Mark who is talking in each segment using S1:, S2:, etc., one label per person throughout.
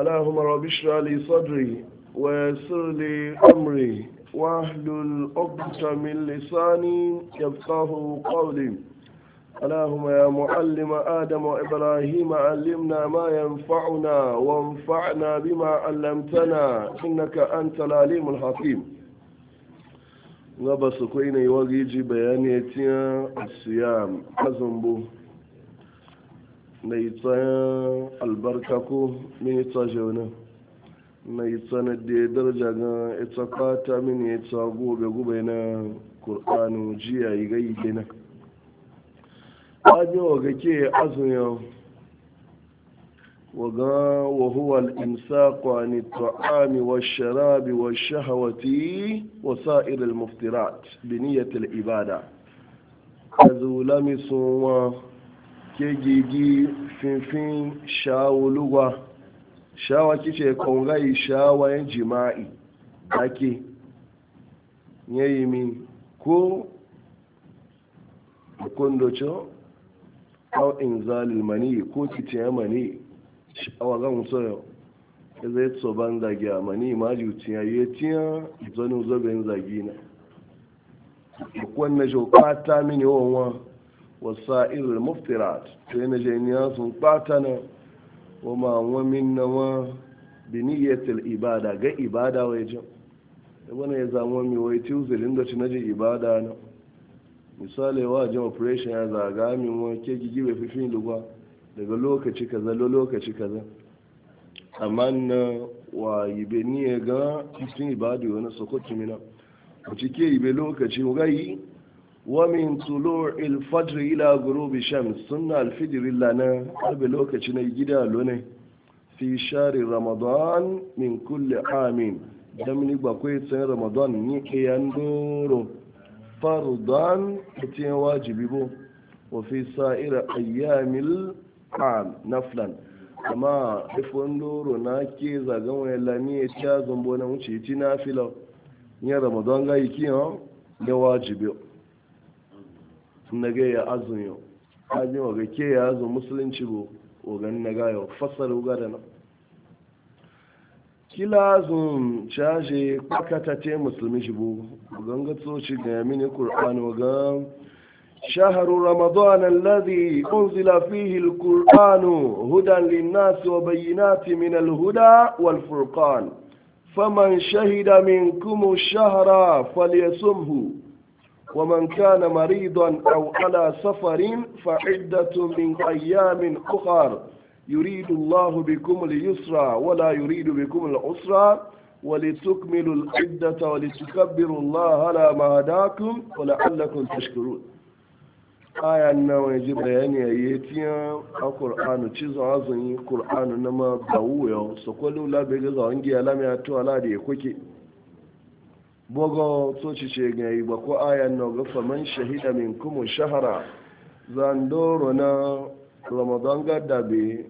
S1: اللهم رب اشرح لي صدري ويسر لي امري واحلل عقدة من لساني يفقه قولي اللهم يا معلم ادم وابراهيم علمنا ما ينفعنا وانفعنا بما علمتنا انك انت العليم الحكيم غبا سكوين يواجي بيانيتيا الصيام ازمبو mai tsayan albarka ko mini tsaje mai tsanar da ya daraja na ita fata mini ya ta gobe gube na kur'anu jiya yi gayi gina ƙwaje wa gake azumin waga wa huwa kwani imsaku an taami wa sharabi wa shahawati wa sa'ir al-muftirat bi ibada azulami sunwa ke gigi finfin shawuluwa shawa kice kongai shawayen jima'i ake yayi mi ko kundocho au inzalil mani ko kice mani shawa ga musoyo zai tsoban zagi a mani ma jutiya yi tiya zanu zoben zagi na wannan jo Kata mini wonwa wasa'ir muftirat to yana janiya sun ɓata na wa ma'anwa min na wa biniyyatul ibada ga ibada wai jan da wani ya zama mai da ibada misali wa jan operation ya zaga min wa ke gigi fifin daga lokaci kaza lo lokaci kaza amma na wa yi beniye ga cikin ibadu wani sokoki mina a cike ibe lokaci ga yi ومن طلوع الفجر إلى غروب الشمس سنة الفجر لنا قبل لوكتنا يجدا لوني في شهر رمضان من كل عام دمني بقيت سنة رمضان نيكي يندورو فرضان اتين واجبي بو وفي سائر أيام العام نفلا amma ifon doro na ke zagan wani lami ya ci azon bonan wuce ti na filo yin ramadan ga yi kiyan ya wajibi na ya azun yau ajin waga ke ya azun musulunci bo ogan na ga yau fasar uga da nan kila azun caje kwakata te musulmi shi bo ogan ga tsoci ga yamini kur'an ogan شهر رمضان الذي أنزل فيه القرآن هدى للناس وبينات من الهدى والفرقان فمن شهد منكم الشهر فليصمه ومن كان مريضا أو على سفر فعدة من أيام أخر يريد الله بكم اليسرى ولا يريد بكم العسرى ولتكملوا العدة ولتكبروا الله على ما هداكم ولعلكم تشكرون aya na waje bayani a yetiya a ƙur'anu ci zawa zan yi ƙur'anu na ma ga wuyo su kwallo labe ga zawon giya lamya to ala da ya kwake bogo tsoci ce yi ba ko ayan na gafa man shahida min kuma shahara zandoro na ramadan gadabe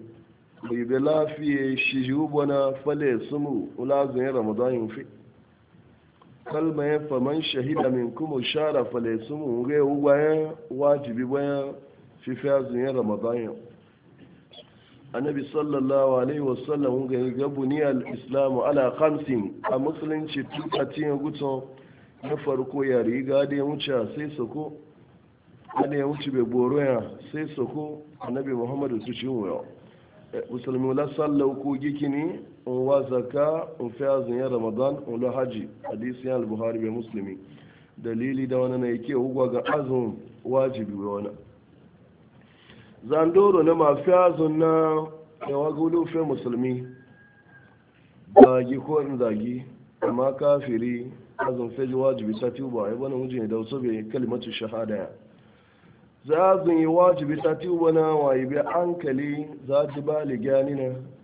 S1: bai bi lafiye shi jubo na fale sumu ulazin ramadan yin fi kalma ya faman shahida min kuma shahara fale sumu ga bayan wajibi bayan fifiya zuyen ramadan yin annabi sallallahu alaihi wasallam ga gabu ni al-islamu ala khamsin a musulunci tuka tiyan guto na farko ya riga da ya wuce sai soko da ya wuce bai boro ya sai sako annabi muhammadu su ci wuyo musulmi la sallau ko gikini in wa zaka in fi azun ya ramadan in la haji hadisi ya al-buhari bai musulmi dalili da wani na yake hugwa ga azun wajibi wani zandoro na mafiya zunna yawa gulufin musulmi zagi ko in zagi amma kafiri azun feji wajibi ta tuba ya bane wujin da wasu bai kalimatu shahada ya za zun yi wajibi ta tuba na wayi bi ankali za ji ba ligani na